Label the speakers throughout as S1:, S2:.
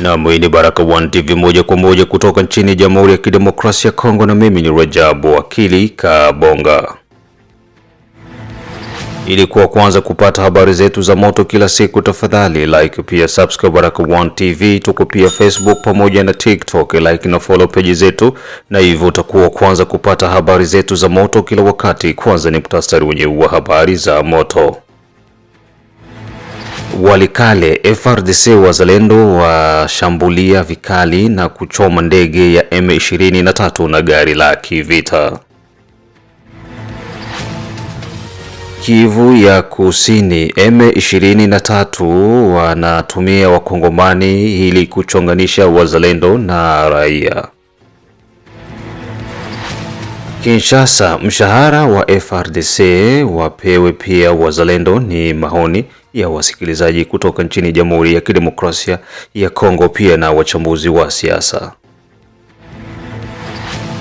S1: Nam, hii ni Baraka One TV moja kwa moja kutoka nchini Jamhuri ya Kidemokrasia ya Kongo, na mimi ni Rajabu wakili Kabonga. Ili kuwa kwanza kupata habari zetu za moto kila siku, tafadhali like, pia subscribe Baraka One TV. Tuko pia Facebook pamoja na TikTok, like na follow page zetu, na hivyo utakuwa kwanza kupata habari zetu za moto kila wakati. Kwanza ni mtasari wenye wa habari za moto. Walikale, FRDC wazalendo washambulia vikali na kuchoma ndege ya M23 na gari la kivita. Kivu ya Kusini, M23 wanatumia wakongomani ili kuchonganisha wazalendo na raia. Kinshasa, mshahara wa FRDC wapewe pia wazalendo, ni maoni ya wasikilizaji kutoka nchini Jamhuri ya Kidemokrasia ya Kongo, pia na wachambuzi wa siasa.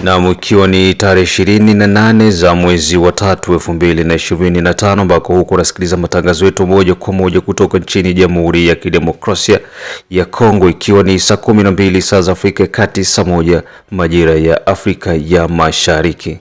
S1: Nam, ikiwa ni tarehe ishirini na nane za mwezi wa tatu elfu mbili na ishirini na tano ambako huko unasikiliza matangazo yetu moja kwa moja kutoka nchini Jamhuri ya Kidemokrasia ya Kongo, ikiwa ni saa kumi na mbili saa za Afrika ya Kati, saa moja majira ya Afrika ya Mashariki.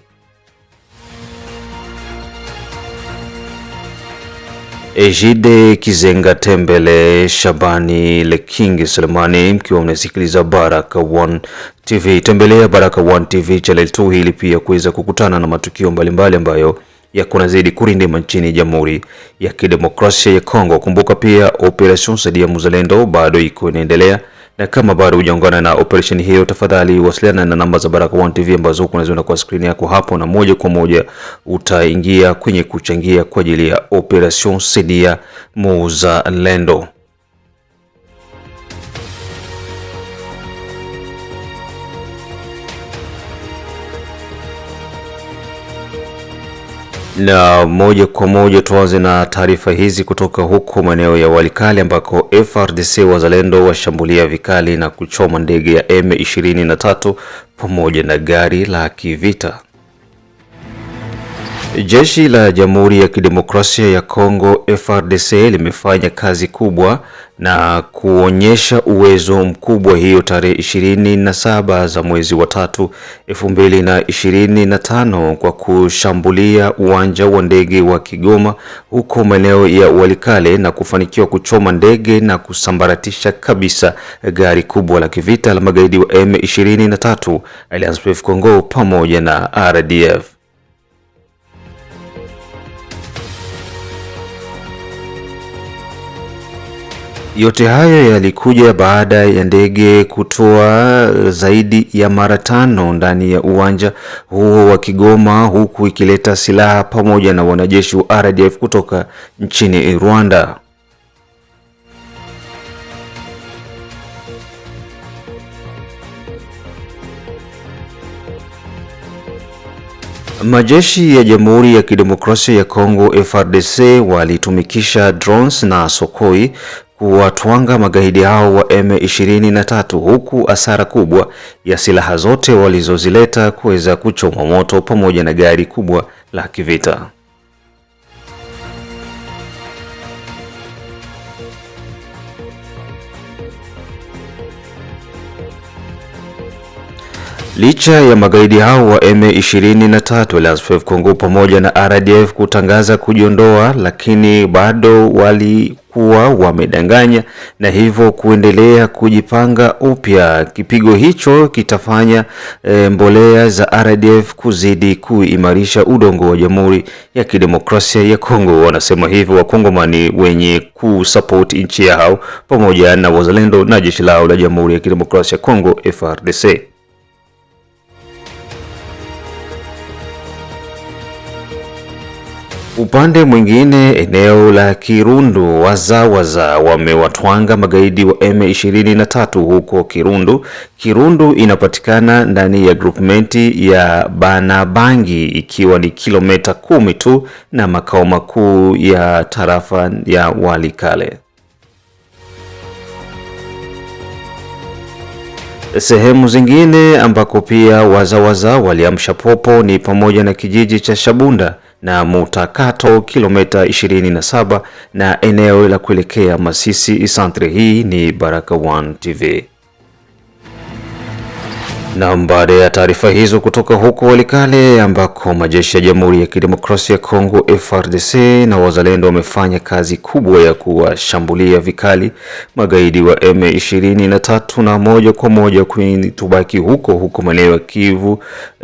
S1: Ejide Kizenga Tembele, Shabani Lekingi Selemani, mkiwa mnasikiliza Baraka One TV, tembelea Baraka One TV channel 2 hili pia kuweza kukutana na matukio mbalimbali ambayo yako zidi kurindima nchini Jamhuri ya Kidemokrasia ya Kongo. Kumbuka pia Operation Sadia Muzalendo bado iko inaendelea. Na kama bado hujaungana na operesheni hiyo, tafadhali wasiliana na namba za baraka One TV ambazo unaziona kwa skrini yako hapo, na moja kwa moja utaingia kwenye kuchangia kwa ajili ya operation saidia lendo Na moja kwa moja tuanze na taarifa hizi kutoka huko maeneo ya Walikale ambako frdc wazalendo washambulia vikali na kuchoma ndege ya M23 pamoja na gari la kivita. Jeshi la Jamhuri ya Kidemokrasia ya Kongo frdc limefanya kazi kubwa na kuonyesha uwezo mkubwa hiyo tarehe ishirini na saba za mwezi wa tatu elfu mbili na ishirini na tano kwa kushambulia uwanja wa ndege wa Kigoma huko maeneo ya Walikale na kufanikiwa kuchoma ndege na kusambaratisha kabisa gari kubwa la kivita la magaidi wa M23 Alliance Fleuve Congo pamoja na RDF. Yote hayo yalikuja baada ya ndege kutoa zaidi ya mara tano ndani ya uwanja huo wa Kigoma, huku ikileta silaha pamoja na wanajeshi wa RDF kutoka nchini Rwanda. Majeshi ya Jamhuri ya Kidemokrasia ya Kongo frdc walitumikisha drones na sokoi kuwatwanga magaidi hao wa M23 huku asara kubwa ya silaha zote walizozileta kuweza kuchoma moto pamoja na gari kubwa la kivita. Licha ya magaidi hao wa M23 LASFF Kongo pamoja na RDF kutangaza kujiondoa, lakini bado wali kuwa wamedanganya na hivyo kuendelea kujipanga upya. Kipigo hicho kitafanya e, mbolea za RDF kuzidi kuimarisha udongo wa Jamhuri ya Kidemokrasia ya Kongo. Wanasema hivyo Wakongomani wenye kusapoti nchi yao pamoja na wazalendo na jeshi lao la Jamhuri ya Kidemokrasia ya Kongo frdc Upande mwingine, eneo la Kirundu, wazawaza wamewatwanga magaidi wa M23 huko Kirundu. Kirundu inapatikana ndani ya grupmenti ya Banabangi ikiwa ni kilomita kumi tu na makao makuu ya tarafa ya Walikale. Sehemu zingine ambako pia wazawaza waliamsha popo ni pamoja na kijiji cha Shabunda na Mutakato kilomita 27 na eneo la kuelekea Masisi Santre. Hii ni Baraka One TV. Na baada ya taarifa hizo kutoka huko Walikale ambako majeshi ya Jamhuri ya Kidemokrasia ya Kongo frdc na wazalendo wamefanya kazi kubwa ya kuwashambulia vikali magaidi wa M23 na moja kwa moja kwenye tubaki huko huko maeneo ya Kivu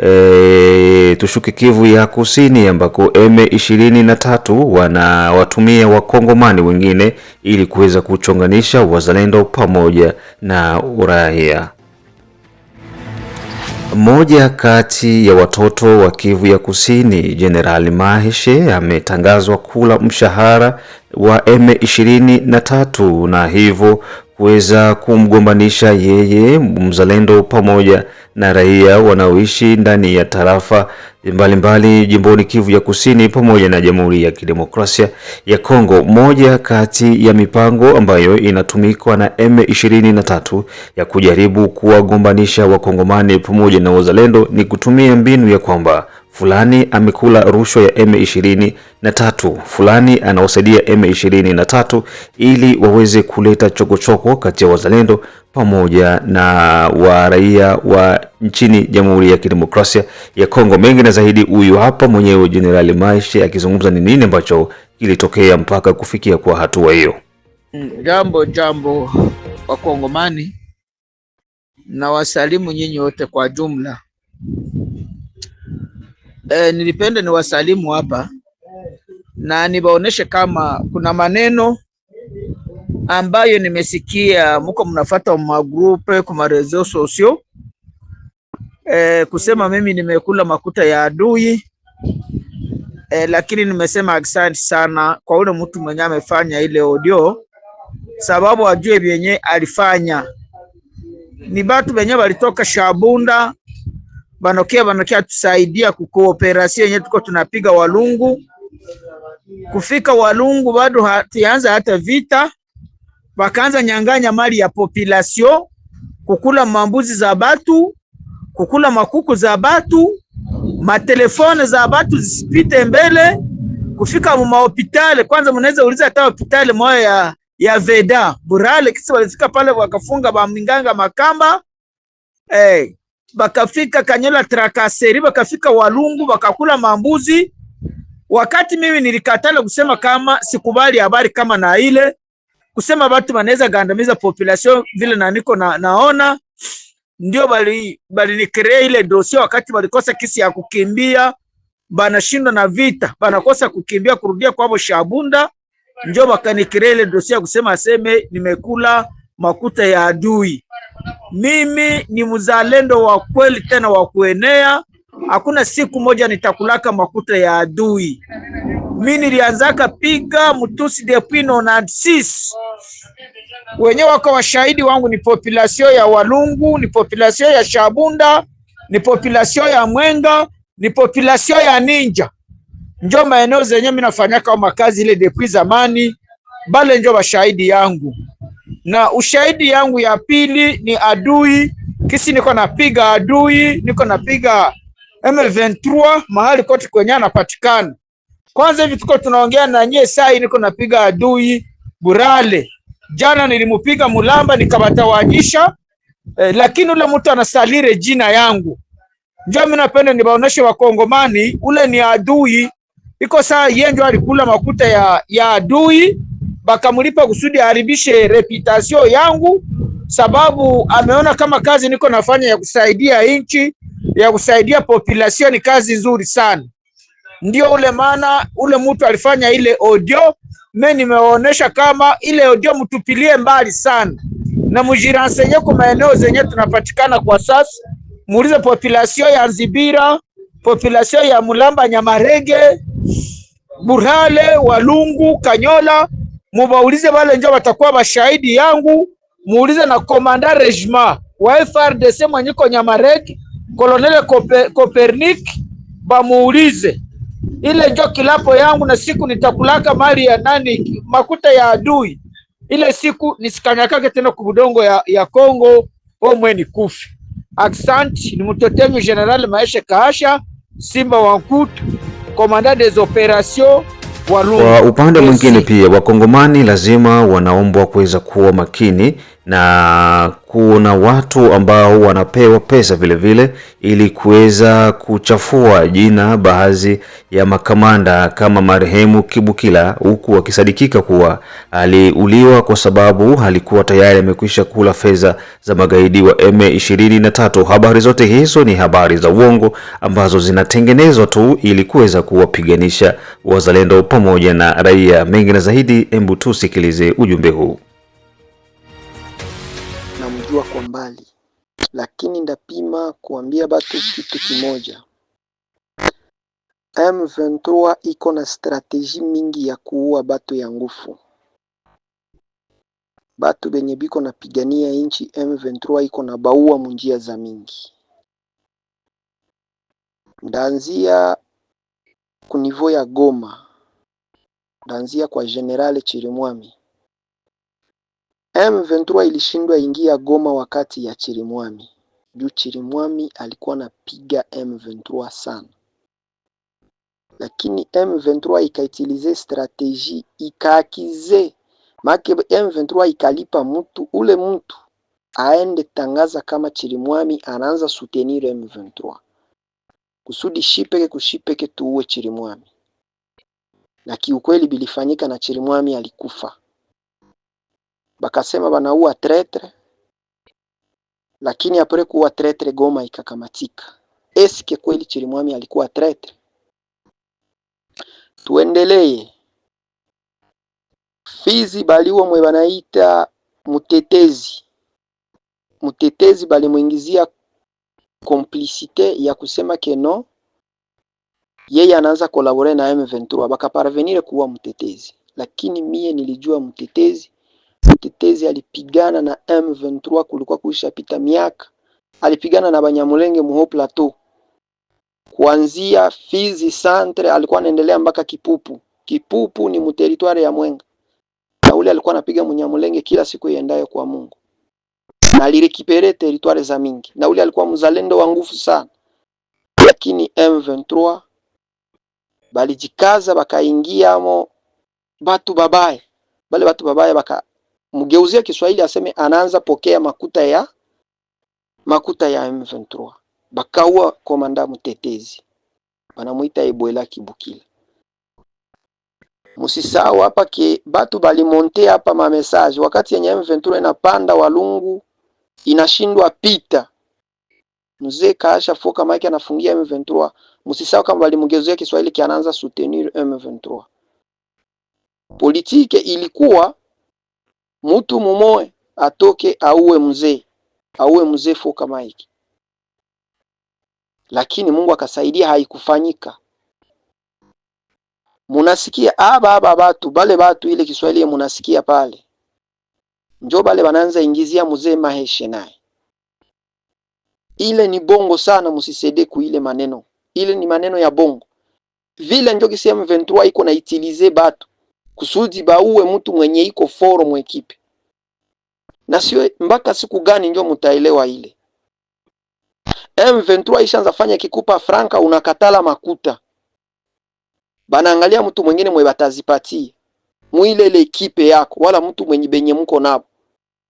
S1: e, tushuke Kivu ya Kusini ambako M23 wanawatumia wakongomani wengine ili kuweza kuchonganisha wazalendo pamoja na uraia. Mmoja kati ya watoto wa Kivu ya Kusini, Jenerali maheshe ametangazwa kula mshahara wa M23 na hivyo kuweza kumgombanisha yeye mzalendo pamoja na raia wanaoishi ndani ya tarafa mbalimbali mbali, jimboni Kivu ya Kusini pamoja na Jamhuri ya Kidemokrasia ya Kongo. Moja kati ya mipango ambayo inatumikwa na M23 ya kujaribu kuwagombanisha wakongomani pamoja na wazalendo ni kutumia mbinu ya kwamba fulani amekula rushwa ya M23, fulani anaosaidia M23 ili waweze kuleta chokochoko kati ya wazalendo pamoja na wa raia wa nchini Jamhuri ya Kidemokrasia ya Kongo. Mengi na zaidi, huyu hapa mwenyewe Jenerali Maishe akizungumza ni nini ambacho kilitokea mpaka kufikia kwa hatua hiyo. Jambo jambo Wakongomani, na wasalimu nyinyi wote kwa jumla e, nilipenda niwasalimu hapa na nibaoneshe kama kuna maneno ambayo nimesikia muko mnafuata magrupe kuma reseaux sosio e, eh, kusema mimi nimekula makuta ya adui e, lakini nimesema asante sana kwa ule mtu mwenye amefanya ile audio, sababu ajue vyenye alifanya ni batu venye walitoka Shabunda banokea banokea tusaidia kukooperasio yenye tuko tunapiga Walungu. Kufika Walungu bado hatianza hata vita, bakaanza nyang'anya mali ya populasio, kukula mambuzi za batu, kukula makuku za batu, matelefone za batu zisipite mbele. Kufika mumahopitale kwanza, mnaweza uliza hata hopitale moya ya ya Veda Burale kisi walifika pale wakafunga baminganga makamba hey. Eh, bakafika Kanyola Trakaseri, bakafika Walungu, bakakula mambuzi. Wakati mimi nilikatala kusema kama sikubali habari kama na ile kusema watu wanaweza gandamiza population vile na niko na, naona ndio bali bali ni balinikirea ile dosia. Wakati walikosa kisi ya kukimbia, banashindwa na vita, banakosa kukimbia kurudia kwabo Shabunda, ndio bakanikirea ile dosia kusema aseme nimekula makuta ya adui. Mimi ni mzalendo wa kweli tena wa kuenea. Hakuna siku moja nitakulaka makuta ya adui. Mi nilianzaka piga mtusi depuis 96 wenyewe wako washahidi wangu, ni populasio ya Walungu, ni populasio ya Shabunda, ni populasio ya Mwenga, ni populasio ya Ninja, njo maeneo zenye minafanyaka makazi ile depuis zamani, bale njo washahidi yangu na ushahidi yangu ya pili ni adui kisi, niko napiga adui, niko napiga M23 mahali kote kwenye anapatikana. Kwanza hivi tuko tunaongea na nyie saa hii niko napiga adui Burale, jana nilimupiga Mulamba nikabatawanyisha eh, lakini ule mtu anasalire jina yangu, njo mimi napenda nibaoneshe Wakongomani ule ni adui iko saa ndio alikula makuta ya, ya adui bakamulipa kusudi aharibishe reputation yangu, sababu ameona kama kazi niko nafanya ya kusaidia nchi ya kusaidia population ni kazi nzuri sana. Ndio ule maana ule mtu alifanya ile audio, mimi nimeonyesha kama ile audio mtupilie mbali sana na mujiranseye kwa maeneo zenye tunapatikana kwa sasa, muulize population ya Nzibira, population ya Mulamba, Nyamarege, Burale, Walungu, Kanyola mubaulize wale njo watakuwa washahidi yangu, muulize na komanda rejima wa FRDC mwenyiko Nyamareki Kolonele Koper, Kopernik bamuulize ile njo kilapo yangu, na siku nitakulaka mali ya nani makuta ya adui. Ile siku nisikanyakake tena kubudongo ya, ya Kongo omweni kufi. Aksanti ni mutotenyu General Maeshe Kahasha Simba wa Nkutu, komanda des operations kwa
S2: upande mwingine pia Wakongomani lazima wanaombwa kuweza kuwa makini na kuna watu ambao wanapewa pesa vilevile ili kuweza kuchafua jina baadhi ya makamanda kama marehemu Kibukila, huku akisadikika kuwa aliuliwa kwa sababu alikuwa tayari amekwisha kula fedha za magaidi wa M23. Habari zote hizo ni habari za uongo ambazo zinatengenezwa tu ili kuweza kuwapiganisha wazalendo pamoja na raia. mengi na zaidi, hebu tusikilize ujumbe huu.
S3: mbali, lakini ndapima kuambia batu kitu kimoja: M23 iko na strateji mingi ya kuua batu ya ngufu. Batu benye biko napigania inchi M23 iko na baua munjia za mingi, ndaanzia kunivo ya Goma, ndaanzia kwa General Chirimwami M23 ilishindwa ingia Goma wakati ya Chirimwami, juu Chirimwami alikuwa anapiga M23 sana, lakini M23 ikaitilize strateji ikaakize make M23 ikalipa mtu ule mtu aende tangaza kama Chirimwami anaanza soutenir M23 kusudi shipeke kushipeke tuue Chirimwami, na kiukweli bilifanyika na Chirimwami alikufa bakasema banaua tretre, lakini apre kuua tretre Goma ikakamatika. Eske kweli Chirimwami alikuwa tretre? Tuendelee. Fizi baliwo mwe banaita mutetezi, mutetezi balimwingizia komplisite ya kusema keno yeye anaanza kolabore na M23 bakaparvenire kuwa mtetezi, lakini mie nilijua mtetezi Seketezi alipigana na M23 kulikuwa kuishapita miaka, alipigana na Banyamulenge Muho Plateau kuanzia Fizi Centre, alikuwa anaendelea mpaka Kipupu. Kipupu ni mteritwari ya Mwenga, na ule alikuwa anapiga Munyamulenge kila siku iendayo kwa Mungu na alirekipere teritwari za mingi, na ule alikuwa mzalendo wa nguvu sana, lakini M23 balijikaza bakaingiamo batu babaye, bale batu babaye baka mgeuzia Kiswahili aseme anaanza pokea makuta ya makuta ya M23. Bakaua komanda mtetezi banamwita Ebola Kibukila. Musisao hapa ke batu balimontea hapa ma message wakati yenye M23 inapanda Walungu inashindwa pita. Mzee kaasha foka mike anafungia M23. Musisao kama balimgeuzia Kiswahili kianaanza soutenir M23. Politike ilikuwa mutu mumoe atoke auwe mzee auwe mzee fo kama hiki, lakini Mungu akasaidia, haikufanyika. Munasikia ah, aba aba batu bale batu, ile Kiswahili munasikia pale, njo bale bananza ingizia mzee maheshe naye. Ile ni bongo sana, musisede kuile maneno, ile ni maneno ya bongo vile, njo kisema M23 iko na itilize batu kusudi bauwe mtu mwenye iko foro mwekipe, na sio mpaka siku gani ndio mtaelewa ile M23 ishaanza fanya kikupa franka, unakatala makuta, banaangalia mtu mwingine mwe batazipatia mwile ile ekipe yako, wala mtu mwenye benye mko nabo.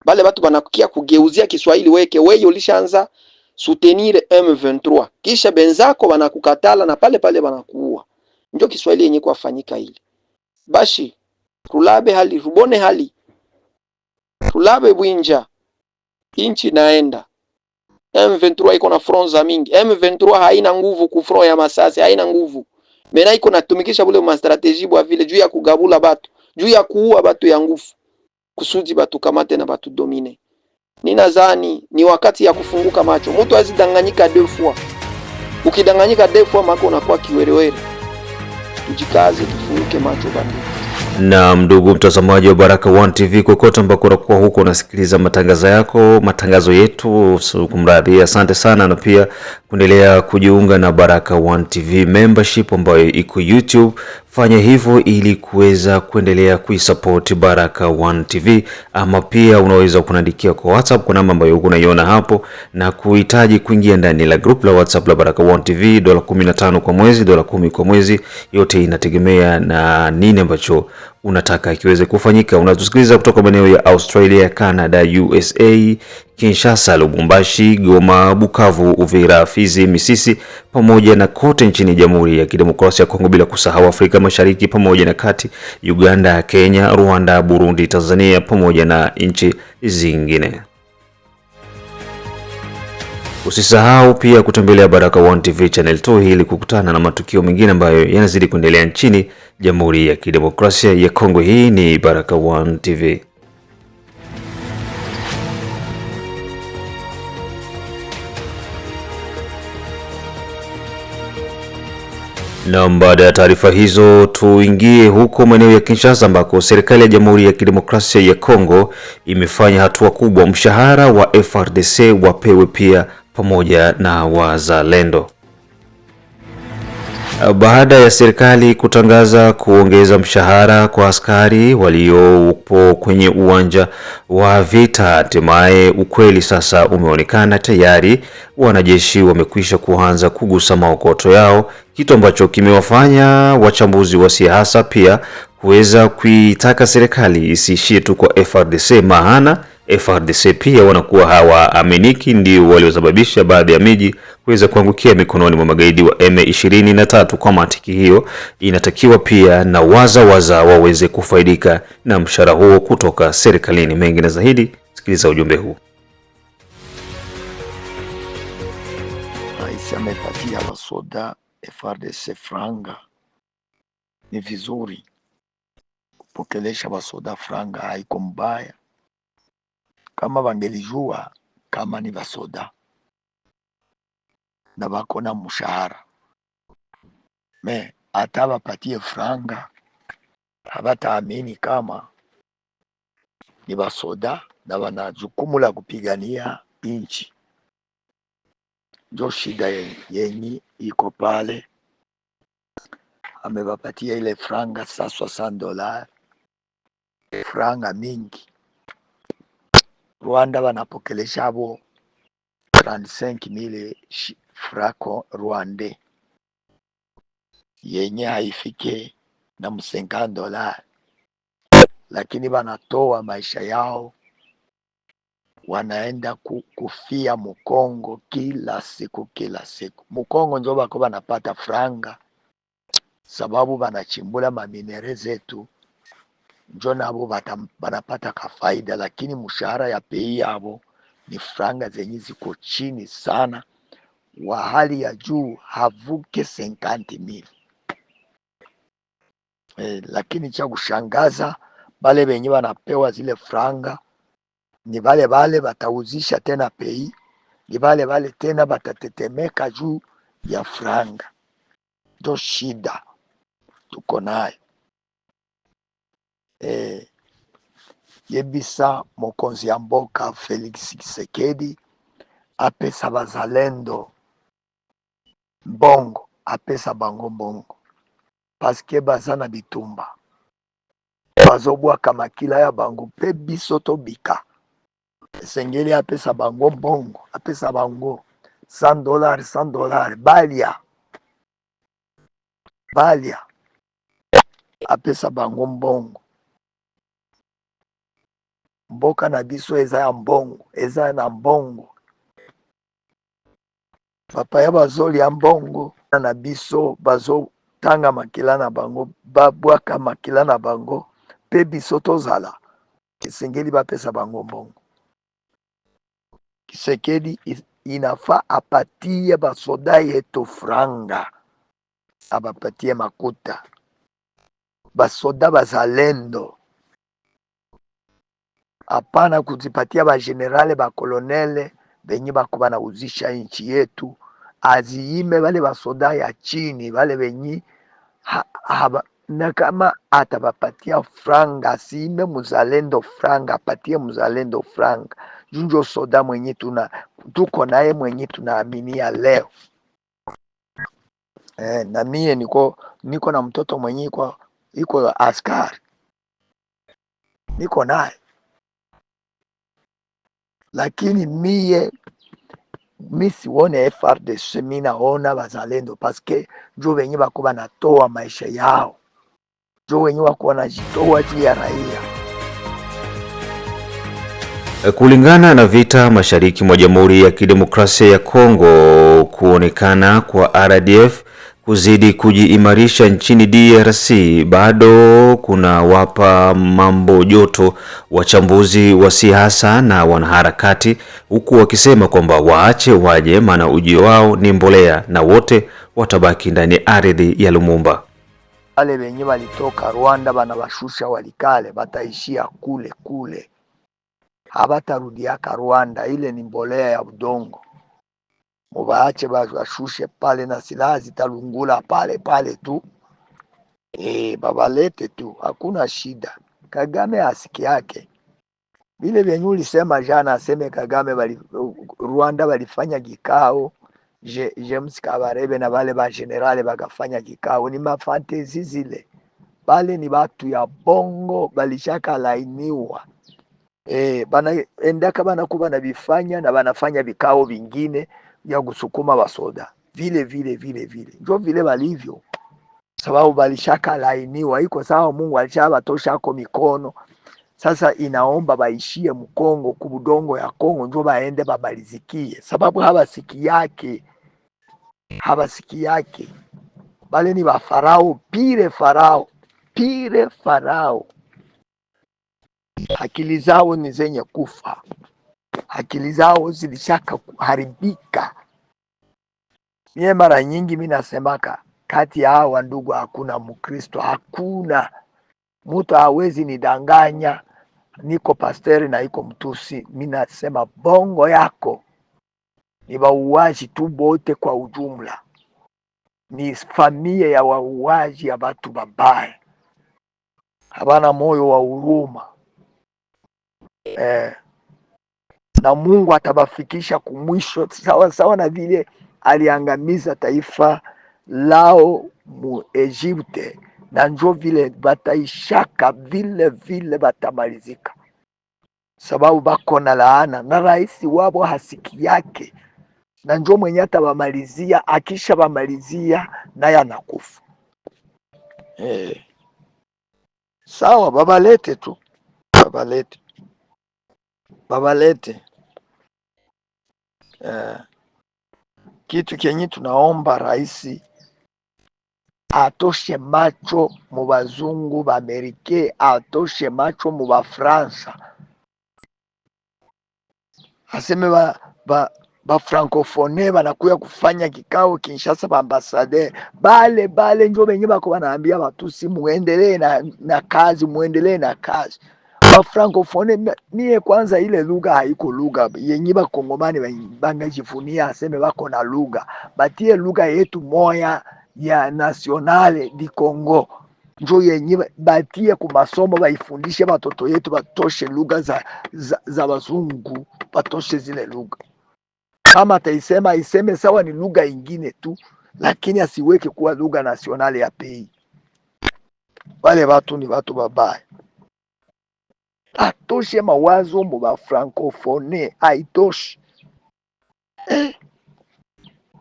S3: Bale batu banakukia kugeuzia Kiswahili, weke wewe ulishaanza soutenir M23, kisha benzako banakukatala na pale pale banakuua. Ndio Kiswahili yenye kuafanyika ile. Bashi tulabe hali rubone hali tulabe bwinja inchi naenda M23 iko na front za mingi. M23 haina nguvu ku front ya Masasi, haina nguvu mena, iko natumikisha bule ma strategie bwa vile juu ya kugabula batu, juu ya kuua batu ya nguvu, kusudi batu kamate na batu domine. Ninadhani ni wakati ya kufunguka macho, mtu azidanganyika deux fois. Ukidanganyika deux fois mako unakuwa kiwerewere. Tujikaze, tufunguke macho banduku.
S2: Na ndugu mtazamaji wa Baraka One TV kokote ambako unakuwa huko unasikiliza matangazo yako matangazo yetu, kumradhi, asante sana, na pia kuendelea kujiunga na Baraka One TV membership ambayo iko YouTube fanya hivyo ili kuweza kuendelea kuisupport Baraka One TV, ama pia unaweza kunaandikia kwa WhatsApp kwa namba ambayo unaiona hapo, na kuhitaji kuingia ndani la group la WhatsApp la Baraka One TV. Dola 15 kwa mwezi, dola 10 kwa mwezi, yote inategemea na nini ambacho unataka ikiweze kufanyika. Unatusikiliza kutoka maeneo ya Australia, Canada, USA, Kinshasa, Lubumbashi, Goma, Bukavu, Uvira, Fizi, Misisi pamoja na kote nchini Jamhuri ya Kidemokrasia ya Kongo, bila kusahau Afrika Mashariki pamoja na Kati, Uganda, Kenya, Rwanda, Burundi, Tanzania pamoja na nchi zingine. Usisahau pia kutembelea Baraka1 TV channel 2 ili kukutana na matukio mengine ambayo yanazidi kuendelea nchini Jamhuri ya Kidemokrasia ya Kongo. Hii ni Baraka1 TV. Na baada ya taarifa hizo tuingie huko maeneo ya Kinshasa ambako serikali ya Jamhuri ya Kidemokrasia ya Kongo imefanya hatua kubwa. Mshahara wa frdc wapewe pia pamoja na wazalendo. Baada ya serikali kutangaza kuongeza mshahara kwa askari waliopo kwenye uwanja wa vita, hatimaye ukweli sasa umeonekana. Tayari wanajeshi wamekwisha kuanza kugusa maokoto yao, kitu ambacho kimewafanya wachambuzi wa siasa pia kuweza kuitaka serikali isiishie tu kwa frdc maana FRDC pia wanakuwa hawaaminiki ndio waliosababisha baadhi ya miji kuweza kuangukia mikononi mwa magaidi wa M23. Kwa mantiki hiyo, inatakiwa pia na wazawaza waweze kufaidika na mshahara huo kutoka serikalini. Mengi na zaidi, sikiliza ujumbe huu.
S4: Rais amepatia wasoda FRDC franga, ni vizuri kupokelesha wasoda franga, haiko mbaya kama vangelijua kama ni vasoda na wako na mshahara me hata vapatie franga havataamini kama ni vasoda na wana jukumu la kupigania nchi. Njo shida yenyi iko pale, amewapatia ile franga saswa san franga mingi Rwanda banapokelesha abo 35000 frako rwande yenye haifike na msenga dola lakini banatoa maisha yao, wanaenda ku, kufia Mukongo kila siku kila siku. Mukongo njo bako banapata franga, sababu banachimbula maminere zetu njo nabo banapata kafaida, lakini mshahara ya pei yabo ni franga zenye ziko chini sana, wa hali ya juu havuke senkanti mili. E, lakini cha kushangaza bale benye wanapewa zile franga ni bale bale batauzisha tena pei, ni bale bale tena batatetemeka juu ya franga. Ndo shida tuko nayo. Eh, yebisa mokonzi ya mboka felix kisekedi apesa bazalendo mbongo apesa bango mbongo paske bazana bitumba bazobwaka makila ya bango mpe biso tobika esengeli apesa bango mbongo apesa bango 100 dollar 100 dollar balia balia apesa bango mbongo mboka na biso eza ya mbongo eza na mbongo bapaya bazolia mbongo na biso bazotanga makila na bango babwaka makila na bango mpe biso tozala esengeli bapesa bango mbongo kisekeli inafaa apatie basoda yetu franga abapatie makuta basoda bazalendo hapana kuzipatia bagenerale bakolonele benye bako uzisha nchi yetu, aziime wale basoda ya chini wale benyi ha, na kama atabapatia franga asiime muzalendo franga, apatie muzalendo franga junjo soda mwenye tuna tuko naye mwenye tunaaminia leo eh, na mie niko niko na mtoto mwenye iko askari niko naye lakini mie mi sione FRDC, mi naona bazalendo paske jo wenye bako banatoa maisha yao, jo wenye wako wanajitoa juu ya raia.
S2: Eh, kulingana na vita mashariki mwa Jamhuri ya Kidemokrasia ya Kongo, kuonekana kwa RDF kuzidi kujiimarisha nchini DRC bado kuna wapa mambo joto wachambuzi wa siasa na wanaharakati, huku wakisema kwamba waache waje, maana ujio wao ni mbolea na wote watabaki ndani ardhi ya Lumumba.
S4: Wale wenye walitoka Rwanda washusha walikale, bataishia kule kule, hawatarudiaka Rwanda. Ile ni mbolea ya udongo mubaache bashushe pale na silaha zitalungula pale pale tu e, babalete tu, hakuna shida. Kagame asiki yake vile vyenye ulisema jana, aseme Kagame bali, Rwanda walifanya kikao Je, James Kabarebe na bale ba generale bakafanya kikao, ni mafantezi zile pale, ni batu ya bongo balishaka lainiwa e, bana kuba na bifanya na banafanya vikao vingine ya kusukuma basoda vile vile vile vile njo vile balivyo, sababu balishaka lainiwa, iko sawa. Mungu alishabatosha mikono, sasa inaomba baishie Mkongo, kubudongo ya Kongo, njo baende babalizikie, sababu habasiki yake, habasiki yake bale ni bafarao pire, farao pire, farao. Akili zao ni zenye kufa akili zao zilishaka kuharibika. Mie mara nyingi mi nasemaka kati ya hawa ndugu hakuna Mkristo, hakuna mtu hawezi nidanganya niko pasteri na iko mtusi. Mi nasema bongo yako ni wauaji tu bote kwa ujumla, ni familia ya wauaji ya batu babaya, habana moyo wa huruma eh na Mungu atawafikisha kumwisho, sawa sawa na vile aliangamiza taifa lao mu Egypte, na njo vile bataishaka vile vile batamalizika, sababu bako na laana na rais wabo hasiki yake, na njo mwenye atawamalizia. Akisha wamalizia naye anakufa. Hey. Eh. Sawa, babalete tu babalete babalete Eh, kitu kenye tunaomba rais atoshe macho mu bazungu ba Amerika, atoshe macho mu Bafransa, aseme ba, ba francophone banakuya kufanya kikao Kinshasa, baambasader bale bale njo benye bako banaambia Batusi muendelee na, na kazi muendelee na kazi ba francophone mie kwanza, ile lugha haiko lugha yenye bakongomani bangejifunia aseme bako na lugha, batie lugha yetu moya ya nationale di Congo njo yenye batie kumasomo, baifundishe batoto yetu, batoshe lugha za, za, za bazungu, batoshe zile lugha. Kama ataisema iseme sawa, ni lugha ingine tu, lakini asiweke kuwa lugha nationale ya pei. Wale watu ni watu babaya atoshe mawazo mu ba francophone aitoshe eh.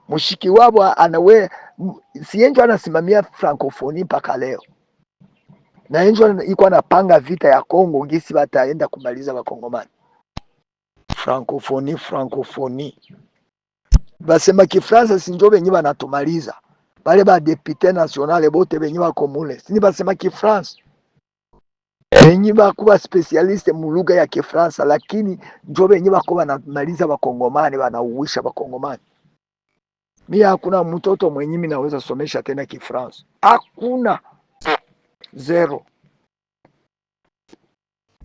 S4: Mshiki wabo anawe sienjo anasimamia francophone mpaka leo, na enjo iko anapanga vita ya Kongo gisi bataenda kumaliza bakongomani. francophone francophone basema Kifransa sinjo benye banatumaliza bale député nationale bote benye bakomune sini basema Kifransa benye bakuba specialist mu lugha ya Kifaransa, lakini njo benye bako banamaliza bakongomani, banauwisha bakongomani. Mi hakuna mtoto mwenye mi naweza somesha tena Kifaransa, hakuna zero.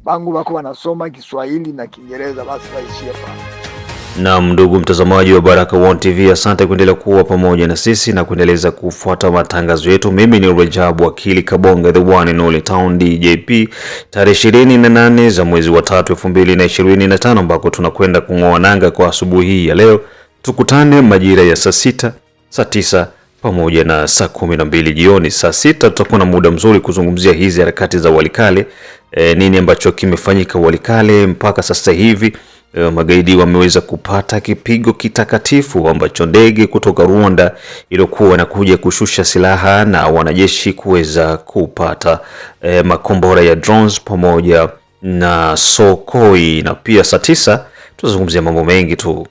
S4: Bangu bako banasoma Kiswahili na Kiingereza, basi baishie pa
S2: na ndugu mtazamaji wa baraka One TV, asante kuendelea kuwa pamoja na sisi na kuendeleza kufuata matangazo yetu. Mimi ni Rajabu Akili Kabonga, the one and only town DJP. Tarehe 28 za mwezi wa 3 2025, ambako tunakwenda kung'oa nanga kwa asubuhi hii ya leo. Tukutane majira ya saa sita, saa tisa pamoja na saa kumi na mbili jioni. Saa sita tutakuwa na muda mzuri kuzungumzia hizi harakati za Walikale. E, nini ambacho kimefanyika Walikale mpaka sasa hivi magaidi wameweza kupata kipigo kitakatifu ambacho ndege kutoka Rwanda iliyokuwa inakuja kushusha silaha na wanajeshi kuweza kupata e, makombora ya drones pamoja na Sokoi na pia saa tisa. Tutazungumzia mambo mengi tu.